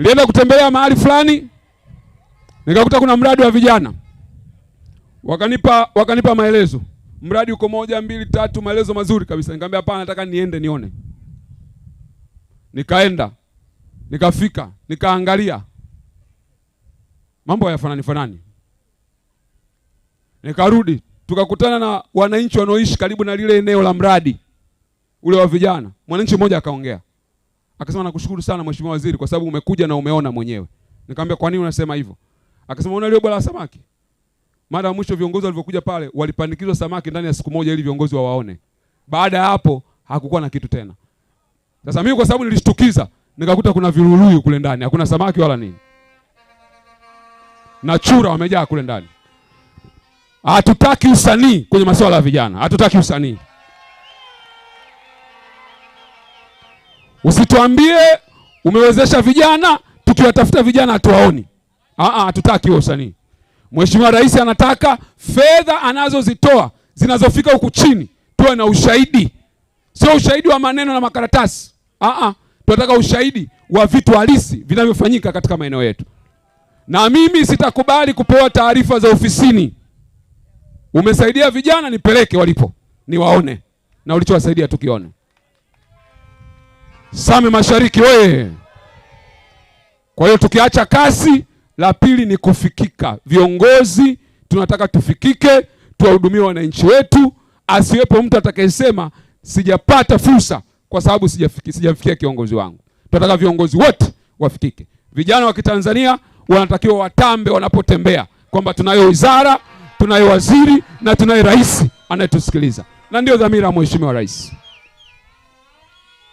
nilienda kutembelea mahali fulani, nikakuta kuna mradi wa vijana, wakanipa wakanipa maelezo, mradi uko moja mbili tatu, maelezo mazuri kabisa. Nikamwambia hapana, nataka niende nione. Nikaenda nikafika, nikaangalia, mambo hayafanani fanani. Nikarudi tukakutana na wananchi wanaoishi karibu na lile eneo la mradi ule wa vijana. Mwananchi mmoja akaongea Akasema nakushukuru sana mheshimiwa waziri kwa sababu umekuja na umeona mwenyewe. Nikamwambia kwa nini unasema hivyo? Akasema unaona ile bwala la samaki. Mara ya mwisho viongozi walivyokuja pale walipandikizwa samaki ndani ya siku moja ili viongozi wawaone. Baada ya hapo hakukuwa na kitu tena. Sasa mimi kwa sababu nilishtukiza nikakuta kuna virului kule ndani, hakuna samaki wala nini. Na chura wamejaa kule ndani. Hatutaki usanii kwenye masuala ya vijana. Hatutaki usanii. Usituambie umewezesha vijana, tukiwatafuta vijana hatuwaoni. Ah, ah, hatutaki huo usanii. Mheshimiwa Rais anataka fedha anazozitoa zinazofika huku chini tuwe na ushahidi, sio ushahidi wa maneno na makaratasi. Aa, ah, tunataka ushahidi wa vitu halisi vinavyofanyika katika maeneo yetu, na mimi sitakubali kupewa taarifa za ofisini. Umesaidia vijana, nipeleke walipo, niwaone na ulichowasaidia tukione. Same Mashariki oye! Kwa hiyo tukiacha kasi, la pili ni kufikika. Viongozi tunataka tufikike, tuwahudumie wananchi wetu, asiwepo mtu atakayesema sijapata fursa kwa sababu sijafikia sijafikia kiongozi wangu. Tunataka viongozi wote wafikike. Vijana wa Kitanzania wanatakiwa watambe wanapotembea kwamba tunayo wizara, tunayo waziri na tunaye rais anayetusikiliza, na ndio dhamira ya Mheshimiwa Rais.